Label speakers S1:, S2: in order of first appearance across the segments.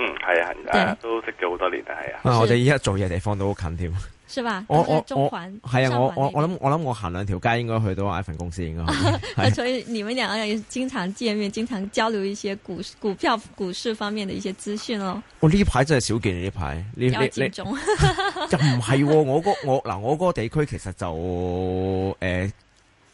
S1: 嗯，係啊，都識咗好多年啊，係啊。我哋依家
S2: 做嘢地方都好近添。是吧？剛剛是中環，我我我係啊，我我我諗我諗我行兩條街應該去到 iPhone 公司應該。 的所
S3: 以你們兩個人經常見面，經常交流一些股股票、股市方面嘅一些資訊咯。
S2: 我呢排真係少見你呢排，呢呢呢，
S3: 又
S2: 唔係我我嗱我嗰個地區其實就誒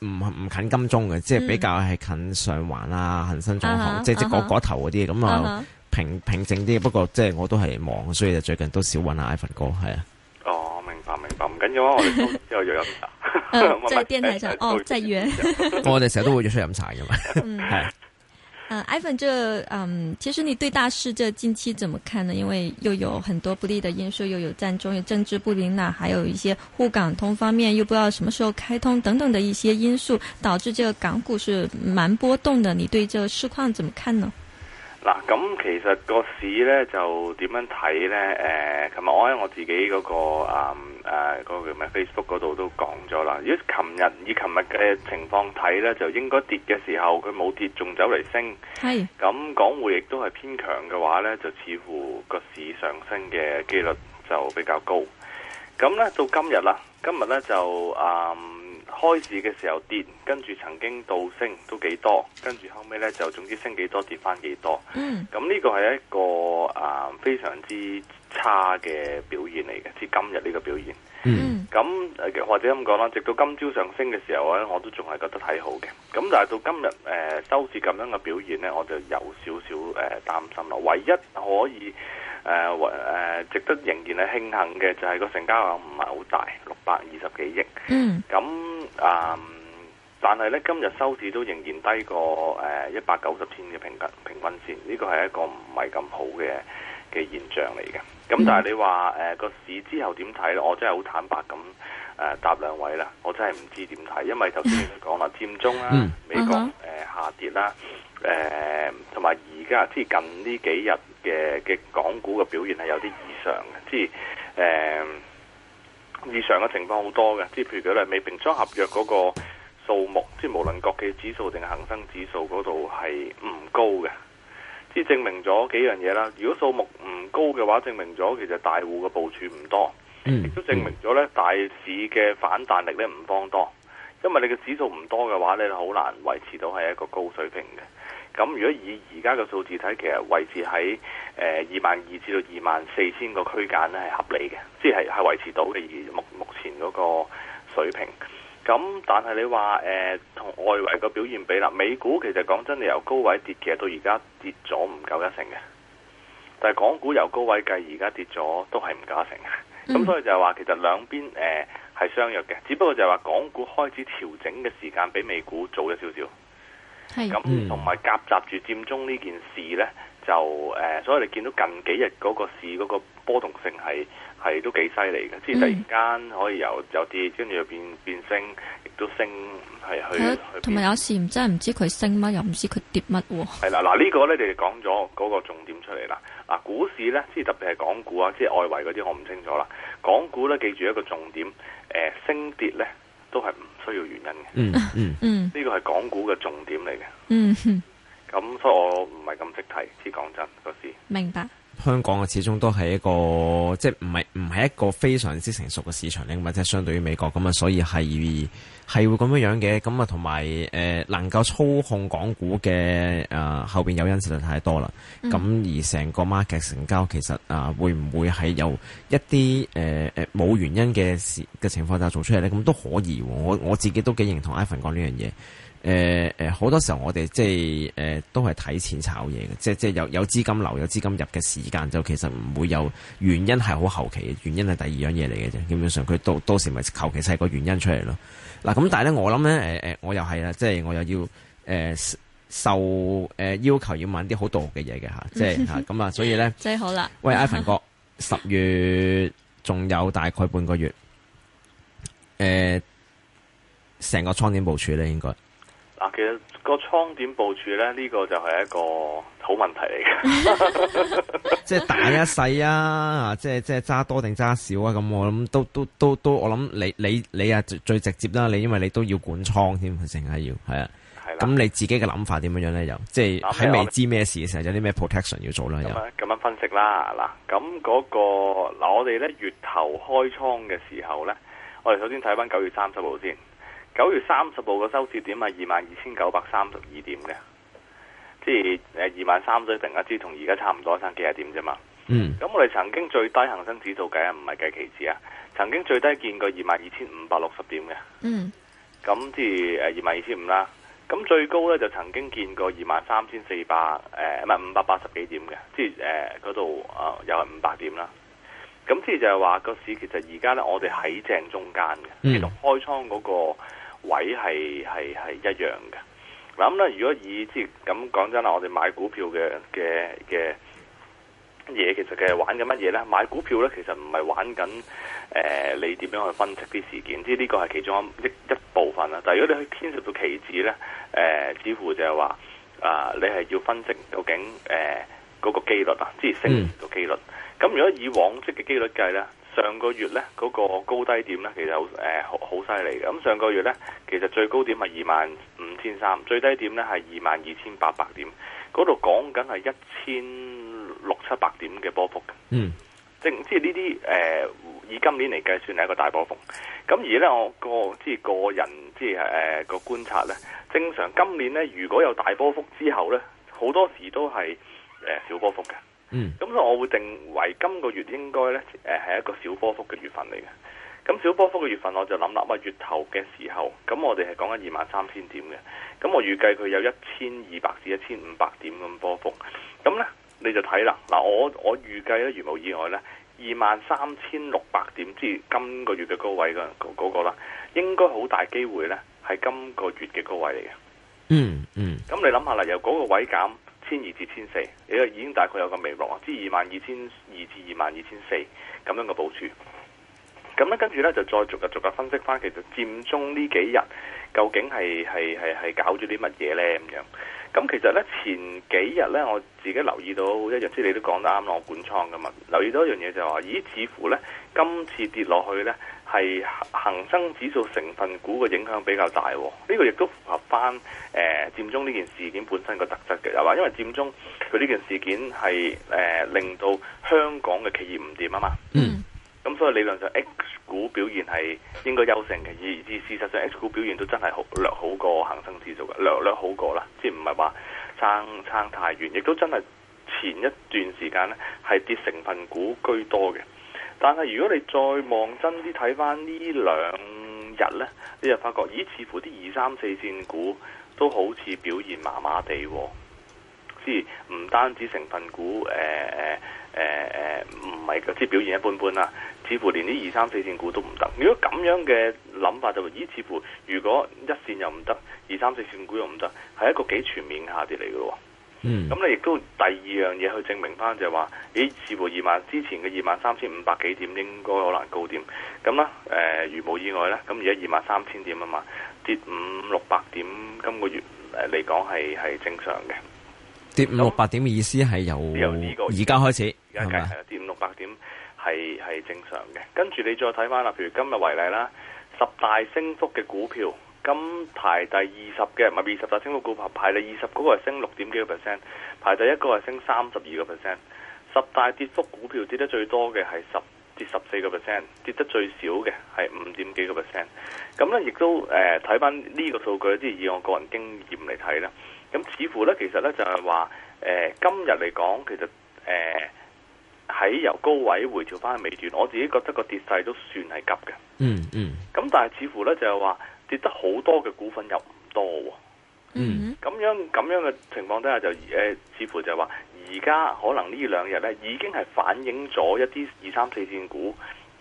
S2: 唔唔近金鐘嘅，嗯、即係比較係近上環啊恒生中行，uh、huh, 即即嗰、那、嗰、個 uh huh, 頭嗰啲咁啊。平平靜啲，不過即係我都係忙，所以最近都少揾阿 Ivan 哥，係啊。哦，明白
S4: 明白，唔緊 要啊，我哋又又有飲茶。嗯、 呃，是在電台上， 哦，在約遠。
S3: 我哋成
S2: 日都會約出飲茶噶嘛。 嗯，係、 啊。嗯
S3: ，Ivan，就嗯，其實你對大市，就近期怎麼看呢？因為又有很多不利的因素，又有佔中，又有政治不寧啦，還有一些滬港通方面又不知道什麼時候開通等等的一些因素，導致這個港股是蠻波動的。你對這市況怎麼看呢？
S4: 嗱，咁其實個市咧就點樣睇咧？誒，琴日我喺我自己嗰、嗰個、嗯、啊嗰、嗰個叫咩 Facebook 嗰度都講咗啦。如果琴日以琴日嘅情況睇咧，就應該跌嘅時候佢冇跌，仲走嚟升。咁是，港匯亦都係偏強嘅話咧，就似乎個市上升嘅機率就比較高。咁咧到今日啦，今日咧就啊。嗯開始嘅時候跌，跟住曾經到升都幾多，跟住後尾呢就總之升幾多跌翻幾多。嗯，咁呢個係一個啊、呃、非常之差嘅表現嚟嘅，至今日呢個表現。嗯、mm.，咁或者咁講啦，直到今朝上升嘅時候呢，我都仲係覺得睇好嘅。咁但係到今日誒、呃、收市咁樣嘅表現呢，我就有少少誒、呃、擔心咯。唯一可以。誒，誒、呃，值得仍然係慶幸嘅就係、是、個成交額唔係好大，六百二十幾億。嗯。咁啊，但係咧今日收市都仍然低過誒一百九十天嘅平均平均線，呢、這個係一個唔係咁好嘅嘅現象嚟嘅。咁但係你話誒個市之後點睇咧？我真係好坦白咁誒、呃、答兩位啦，我真係唔知點睇，因為頭先講啦，佔、嗯、中啦、啊，嗯、美國誒、嗯呃、下跌啦、啊，誒同埋而家即係近呢幾日。嘅嘅港股嘅表現係有啲異常嘅，即係誒異常嘅情況好多嘅，即係譬如講咧未平倉合約嗰個數目，即係無論國企指數定係恆生指數嗰度係唔高嘅，即係證明咗幾樣嘢啦。如果數目唔高嘅話，證明咗其實大戶嘅部署唔多，亦都證明咗咧大市嘅反彈力咧唔方多，因為你嘅指數唔多嘅話咧，好難維持到係一個高水平嘅。咁如果以而家嘅數字睇，其實維持喺誒二萬二至到二萬四千個區間咧係合理嘅，即係係維持到嘅目目前嗰個水平。咁但係你話同、呃、外圍個表現比啦，美股其實講真，你由高位跌，其實到而家跌咗唔夠一成嘅。但係港股由高位計，而家跌咗都係唔夠一成嘅。咁所以就係話，其實兩邊係、呃、相若嘅，只不過就係話港股開始調整嘅時間比美股早一少少。咁同埋夾雜住佔中呢件事咧，就誒、呃，所以你見到近幾日嗰個市嗰個波動性係係都幾犀利嘅，即係突然間可以有有啲跟住，又變變升，亦都升係去。同埋是變
S3: 有，有時唔真係唔知佢升乜，又唔知佢跌乜喎。係
S4: 啦，嗱、啊這個、呢個咧，你哋講咗嗰個重點出嚟啦。啊，股市咧，即係特別係港股啊，即係外圍嗰啲我唔清楚啦。港股咧，記住一個重點，誒、呃，升跌咧都係唔。需要原因嘅，嗯嗯嗯，呢個係港股嘅重點嚟嘅。嗯，咁、嗯嗯、所以我唔係咁識
S2: 睇，只講真嗰
S3: 事。明白。
S2: 香港嘅始終都係一個即係唔係唔係一個非常之成熟嘅市場領域，即係相對於美國咁啊，所以係係會咁樣樣嘅咁啊，同埋誒能夠操控港股嘅啊、呃、後邊原因實在太多啦，咁、嗯、而成個 market 成交其實啊、呃、會唔會係有一啲誒誒冇原因嘅事嘅情況下做出嚟呢？咁都可以，我我自己都幾認同 Evan 講呢樣嘢。誒誒，好、呃、多時候我哋即係誒、呃，都係睇錢炒嘢嘅，即係即係有有資金流、有資金入嘅時間，就其實唔會有原因係好後期嘅，原因係第二樣嘢嚟嘅啫。基本上佢到到時咪求其砌個原因出嚟咯。嗱、啊、咁，但係咧，我諗咧，誒、呃、誒，我又係啦，即係我又要誒受誒、呃、要求要揾啲好道嘅嘢嘅吓，即係吓咁啊，嗯、哼所以咧，以好啦。喂，Ivan 哥，十、嗯、哼月仲有大概半個月，誒、呃，成個倉點部署咧，應該。
S4: 其實個倉點部署咧，呢個就係一個好問題
S2: 嚟嘅，即係大一細啊，即係即係揸多定揸少啊，咁我諗都都都都，我諗你你你啊最直接啦，你因為你都要管倉添，佢成日要係啊，係啦，咁你自己嘅諗法點樣樣咧？又即係喺未知咩事嘅時候，有啲咩 protection 要做咧？又
S4: 咁樣分析啦，嗱，嗰個，咁嗰個嗱，我哋咧月頭開倉嘅時候咧，我哋首先睇翻九月三十號先。九月三十號嘅收市點係，二萬二千九百三十二點嘅，即係誒二萬三水平啊，即係同而家差唔多，差幾多點啫嘛。嗯。咁我哋曾經最低恒生指數計啊，唔係計期指啊，曾經最低見過二萬二千五百六十點嘅。
S1: 嗯。
S4: 咁即係誒二萬二千五啦。咁最高咧就曾經見過二萬三千四百誒，唔係五百八十幾點嘅，即係誒嗰度誒又係五百點啦。咁即係就係話個市其實而家咧，我哋喺正中間嘅，同開倉嗰、那個。位係係係一樣嘅，嗱咁咧，如果以即係咁講真啦，我哋買股票嘅嘅嘅嘢，其實嘅玩緊乜嘢咧？買股票咧，其實唔係玩緊誒、呃，你點樣去分析啲事件，即係呢個係其中一一部分啦。但係如果你去牽涉到期指咧，誒、呃，似乎就係話啊，你係要分析究竟誒嗰個機率啊，即係升嘅機率。咁、嗯、如果以往績嘅機率計咧？上個月咧嗰、那個高低點咧，其實好誒好好犀利嘅。咁、呃、上個月咧，其實最高點係二萬五千三，最低點咧係二萬二千八百點，嗰度講緊係一千六七百點嘅波幅嘅。
S1: 嗯，
S4: 正即係呢啲誒以今年嚟計算係一個大波幅。咁而咧，我個即係個人即係誒個觀察咧，正常今年咧如果有大波幅之後咧，好多時都係、呃、小波幅嘅。嗯，咁所以我會定為今個月應該咧，誒係一個小波幅嘅月份嚟嘅。咁小波幅嘅月份，我就諗啦，啊月頭嘅時候，咁我哋係講緊二萬三千點嘅，咁我預計佢有一千二百至一千五百點咁波幅。咁咧，你就睇啦，嗱我我預計咧，如無意外咧，二萬三千六百點即係今個月嘅高位嗰、嗰個啦、嗰個，應該好大機會咧，係今個月嘅高位嚟嘅、嗯。嗯嗯，咁你諗下啦，由嗰個位減。千二至千四，你又已經大概有個眉目啊，即二萬二千二至二萬二千四咁樣嘅部署。咁樣跟住咧就再逐個逐個分析翻，其實佔中呢幾日究竟係係係係搞咗啲乜嘢咧咁樣？咁其實咧前幾日咧我自己留意到一樣，即係你都講得啱咯，我管倉嘅嘛。留意到一樣嘢就係、是、話，咦？似乎咧今次跌落去咧。係恒生指數成分股嘅影響比較大，哦、呢、這個亦都符合翻誒、呃、佔中呢件事件本身個特質嘅，又嘛？因為佔中佢呢件事件係誒、呃、令到香港嘅企業唔掂啊嘛，
S1: 咁、
S4: mm. 嗯、所以理論上 H 股表現係應該優勝嘅，而而事實上 H 股表現都真係略好過恒生指數嘅，略略好過啦，即係唔係話爭爭太遠，亦都真係前一段時間呢係跌成分股居多嘅。但係如果你再望真啲睇翻呢兩日呢，你就發覺，咦，似乎啲二三四線股都好似表現麻麻地，即係唔單止成分股，誒誒唔係即係表現一般般啦，似乎連啲二三四線股都唔得。如果咁樣嘅諗法就係，咦，似乎如果一線又唔得，二三四線股又唔得，係一個幾全面的下跌嚟嘅喎。咁、嗯、你亦都第二樣嘢去證明翻，就係、是、話，咦？似乎二萬之前嘅二萬三千五百幾點應該好難高點，咁啦，誒、呃，如無意外呢，咁而家二萬三千點啊嘛，跌五六百點，今個月誒嚟講係係正常嘅。
S2: 跌五那六百點嘅意思係由，由呢個，而家開始，而家計
S4: 係啦，跌五六百點係係正常嘅。跟住你再睇翻啦，譬如今日為例啦，十大升幅嘅股票。今排第二十嘅唔係二十大升幅股票排你二十嗰個係升六點幾個 percent，排第一個係升三十二個 percent。十大跌幅股票跌得最多嘅係十至十四個 percent，跌得最少嘅係五點幾、呃、個 percent。咁咧亦都誒睇翻呢個數據，即係以我個人經驗嚟睇啦。咁似乎咧其實咧就係話誒今日嚟講，其實誒喺、就是呃呃、由高位回調翻去尾段，我自己覺得個跌勢都算係急嘅、嗯。嗯
S1: 嗯。
S4: 咁但係似乎咧就係、是、話。跌得好多嘅股份又唔多、哦，嗯、mm，咁、hmm. 樣咁樣嘅情況底下就誒、呃，似乎就係話而家可能這兩天呢兩日咧已經係反映咗一啲二三四線股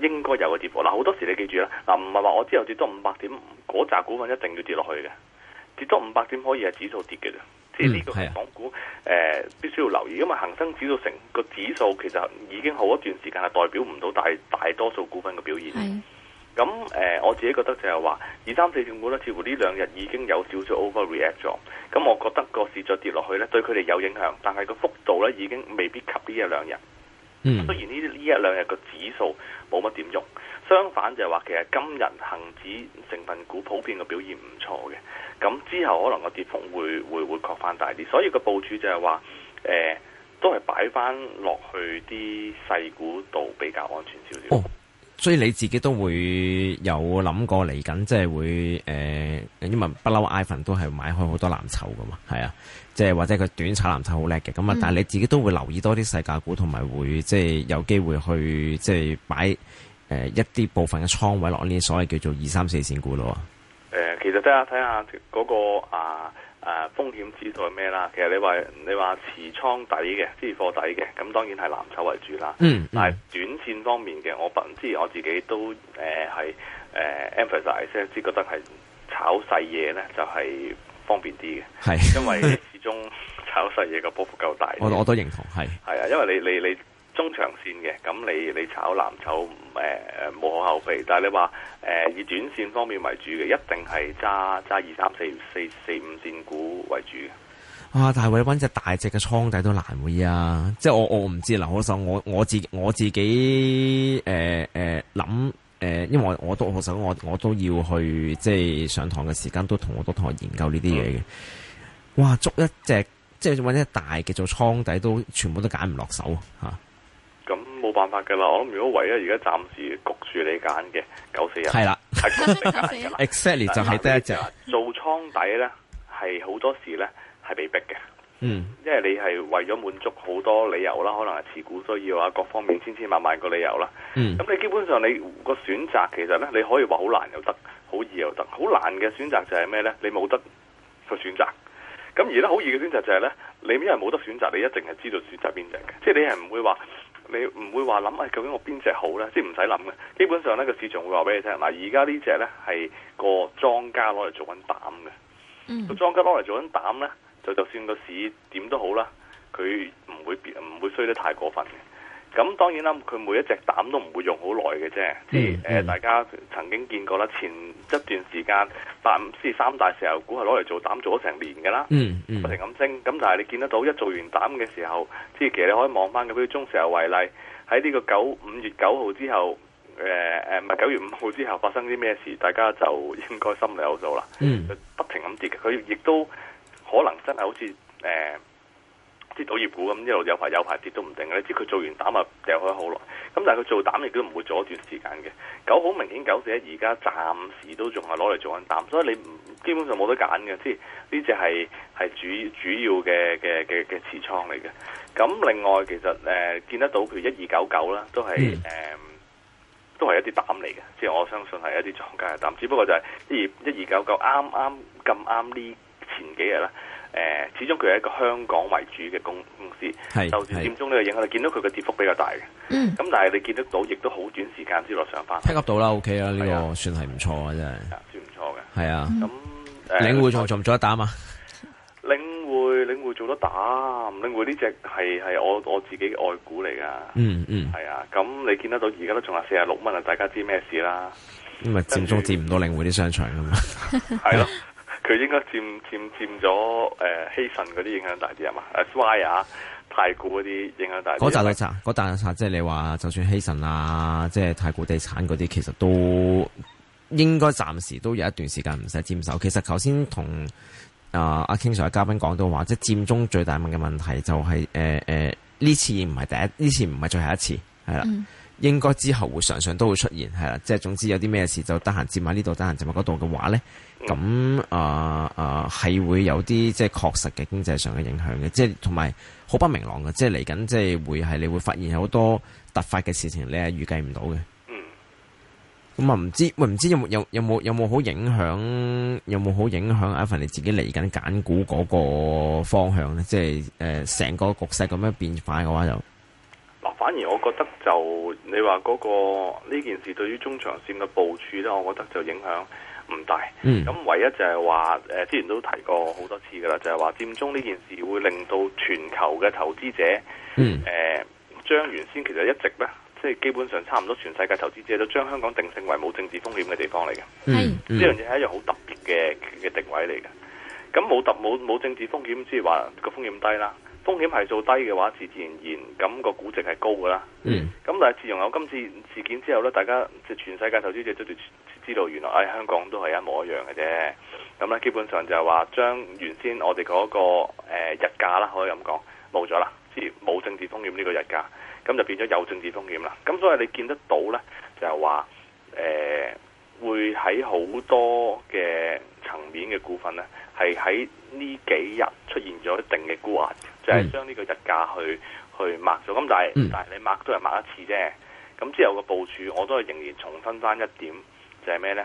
S4: 應該有嘅跌幅。嗱、啊，好多時你記住啦，嗱，唔係話我之後跌多五百點嗰扎股份一定要跌落去嘅，跌多五百點可以係指數跌嘅啫。
S1: 即係呢個係港、
S4: mm hmm. 股誒、呃，必須要留意，因為恒生指數成個指數其實已經好一段時間係代表唔到大大多數股份嘅表現。Mm hmm. 咁誒、呃，我自己覺得就係話二三四證股咧，似乎呢兩日已經有少少 overreact 咗。咁我覺得個市再跌落去咧，對佢哋有影響，但係個幅度咧已經未必及呢一兩日。嗯，
S1: 雖然
S4: 呢呢一兩日個指數冇乜點喐，相反就係話其實今日恒指成分股普遍嘅表現唔錯嘅。咁之後可能個跌幅會會會擴翻大啲，所以個部署就係話誒，都係擺翻落去啲細股度比較安全少
S2: 少。哦所以你自己都會有諗過嚟緊，即係會誒，因為不嬲 iPhone 都係買開好多藍籌㗎嘛。係啊，即係或者佢短炒藍籌好叻嘅，咁啊、嗯，但係你自己都會留意多啲細價股，同埋會即係有機會去即係擺誒一啲部分嘅倉位落呢啲所謂叫做二三四線股咯。
S4: 誒、呃，其實睇下睇下嗰個啊。呃誒、啊、風險指數係咩啦？其實你話你話持倉底嘅、即係貨底嘅，咁當然係藍籌為主啦、嗯。嗯，但係短線方面嘅，我不知我自己都誒係誒 emphasize 先，即、呃呃、覺得係炒細嘢咧就係、是、方便啲嘅。係是，因為始終炒細嘢個波幅夠大。 以我我
S2: 都認同係。係
S4: 啊，因為你你你。你中長線嘅，咁你你炒藍籌，誒冇可厚非。但係你話誒、呃、以短線方面為主嘅，一定係揸揸二三四四四五線
S2: 股為主嘅。啊！但係揾隻大隻嘅倉底都難會啊！即係我我唔知，嗱，好想我我自我自己誒誒諗誒，因為我我都好想我我都要去即係上堂嘅時間都同好多同學研究呢啲嘢嘅。嗯、哇！捉一隻即係揾一大嘅做倉底都全部都揀唔落手嚇～、啊
S4: 我諗如果唯一而家暫時焗住你揀嘅九四日係啦，係嘅啦，exactly 是就係得一隻。做倉底咧，係好多時咧係被逼嘅，嗯，因為你係為咗滿足好多理由啦，可能係持股需要啊，各方面千千萬萬個理由啦，咁、嗯、你基本上你個選擇其實咧，你可以話好難又得，好易又得，好難嘅選擇就係咩咧？你冇得個選擇，咁而家好易嘅選擇就係咧，你因為冇得選擇，你一定係知道選擇邊隻嘅，即係你係唔會話。你唔會話諗誒究竟我邊隻好咧，即係唔使諗嘅。基本上咧個市場會話俾你聽，嗱而家，mm hmm. 家呢隻咧係個莊家攞嚟做緊膽嘅。咁莊家攞嚟做緊膽咧，就就算個市點都好啦，佢唔會變唔會衰得太過分嘅。咁當然啦，佢每一隻膽都唔會用好耐嘅啫，
S1: 即係、嗯呃、大
S4: 家曾經見過啦。前一段時間，百五四三大石油股係攞嚟做膽做咗成年㗎啦，嗯嗯、不停咁升。咁但係你見得到一做完膽嘅時候，即係其實你可以望翻嘅，比如中石油為例，喺呢個九五月九號之後，誒唔係九月五號之後發生啲咩事，大家就應該心裏有數啦。嗯不停咁跌，佢亦都可能真係好似誒，呃啲賭業股咁一路有排有排跌，跌都唔定嘅，你知佢做完膽啊，掉開好耐，咁但係佢做膽亦都唔會阻一段時間嘅。九好明顯，九四一而家暫時都仲係攞嚟做緊膽，所以你基本上冇得揀嘅。即係呢隻係係主主要嘅嘅嘅嘅持倉嚟嘅。咁另外其實誒、呃、見得到譬如一二九九啦，都係誒、呃、都係一啲膽嚟嘅，即係我相信係一啲莊家嘅膽，只不過就係、係、二、欸、一二九九啱啱咁啱呢。剛剛剛剛前幾日咧，誒始終佢係一個香港為主嘅公公司，受住佔中呢個影響，你見到佢嘅跌幅比較大嘅。嗯，咁但係你見得到，亦都好短時間先落上返。睇
S2: 級到啦，OK 啦，呢個算係唔錯啊，真係。算唔錯嘅。係啊，咁領匯仲仲做得打嘛？
S4: 領匯領匯做得打，領匯呢隻係係我我自己嘅外股嚟噶。嗯嗯，係啊，咁你見得到而家都仲有四十六蚊啊！大家知咩事啦？
S2: 因為佔中佔唔到領匯啲商場㗎嘛，係咯。
S4: 佢應該佔佔佔咗誒、呃、希慎嗰啲影響大啲係嘛？s Y 啊，太古嗰啲影響
S2: 大啲。嗰扎嗰扎嗰扎即係你話，就算希慎啊，即係太古地產嗰啲，其實都應該暫時都有一段時間唔使佔手。其實頭先同啊阿 King Sir 嘅嘉賓講到話，即係佔中最大問嘅問題就係誒誒呢次唔係第一，呢次唔係最後一次係啦。應該之後會常常都會出現，係啦，即係總之有啲咩事就得閒接埋呢度、得閒接埋嗰度嘅話呢，咁啊啊係會有啲即係確實嘅經濟上嘅影響嘅，即係同埋好不明朗嘅，即係嚟緊即係會係你會發現好多突發嘅事情，你係預計唔到嘅。嗯。咁啊唔知喂，唔知有冇有冇有冇好影響有冇好影響啊？一份你自己嚟緊揀股嗰個方向呢，即係呃、成個局勢咁樣變化嘅話就。
S4: 反而我覺得就你話嗰、那個呢件事對於中長線嘅部署呢，呢我覺得就影響唔大。咁、嗯、唯一就係話、呃、之前都提過好多次噶啦，就係、是、話佔中呢件事會令到全球嘅投資者誒將、嗯呃、原先其實一直呢，即係基本上差唔多全世界投資者都將香港定性為冇政治風險嘅地方嚟嘅。呢樣嘢係一樣好特別嘅嘅定位嚟嘅。咁、嗯、冇、嗯、特冇冇政治風險，即係話個風險低啦。風險係數低嘅話，自自然然咁、那個估值係高噶啦。咁、嗯、但係自從有今次事件之後呢，大家即全世界投資者就都知道，原來誒、哎、香港都係一模一樣嘅啫。咁呢，基本上就係話將原先我哋嗰、那個、呃、日價啦，可以咁講冇咗啦，即冇政治風險呢個日價，咁就變咗有政治風險啦。咁所以你見得到呢，就係話誒會喺好多嘅層面嘅股份呢，係喺，呢幾日出現咗一定嘅沽壓，就係將呢個日價去、嗯、去抹咗。咁但係、嗯、但係你抹都係抹一次啫。咁之後個部署我都係仍然重新爭一點，就係咩呢？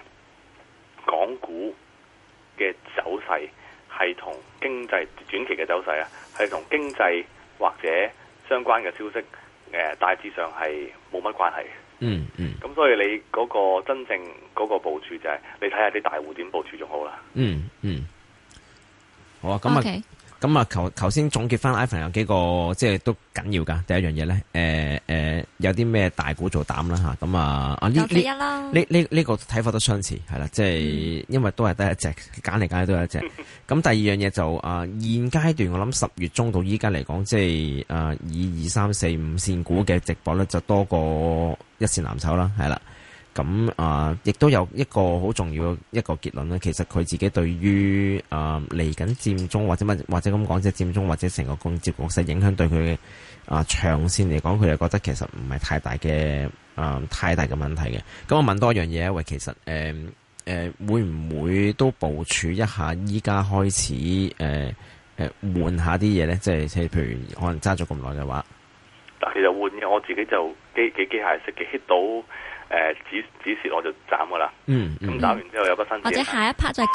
S4: 港股嘅走勢係同經濟轉期嘅走勢啊，係同經濟或者相關嘅消息誒，大致上係冇乜關係、嗯。嗯
S1: 嗯。
S4: 咁所以你嗰個真正嗰個部署就係你睇下啲大戶點部署就係、你睇下你部署好啦、嗯。嗯嗯。
S1: 好啊，咁啊，咁
S2: 啊 Okay.，頭頭先總結翻 iPhone 有幾個，即係都緊要噶。第一樣嘢咧，誒、呃、誒、呃，有啲咩大股做膽啦吓，咁啊啊呢呢呢個睇法都相似係啦，即係因為都係得一隻揀嚟揀去都係一隻。咁第二樣嘢就啊、呃，現階段我諗十月中到依家嚟講，即係誒二二三四五線股嘅直播咧，就多過一線藍籌啦，係啦。咁啊、呃，亦都有一個好重要嘅一個結論咧。其實佢自己對於啊嚟緊佔中或者乜或者咁講，即係佔中或者成個公接局勢影響對佢啊、呃、長線嚟講，佢就覺得其實唔係太大嘅啊、呃、太大嘅問題嘅。咁我問多一樣嘢喂，其實誒、呃呃、會唔會都部署一下？依家開始誒換、呃呃、下啲嘢咧，即、就、係、是、譬如可能揸咗咁
S3: 耐嘅話，
S4: 但其實換嘅我自己就機機機械式嘅 hit 到。誒，止止蝕我就斬噶啦，嗯，咁斬完之後有個新、啊、或者下
S3: 一 part 就係講。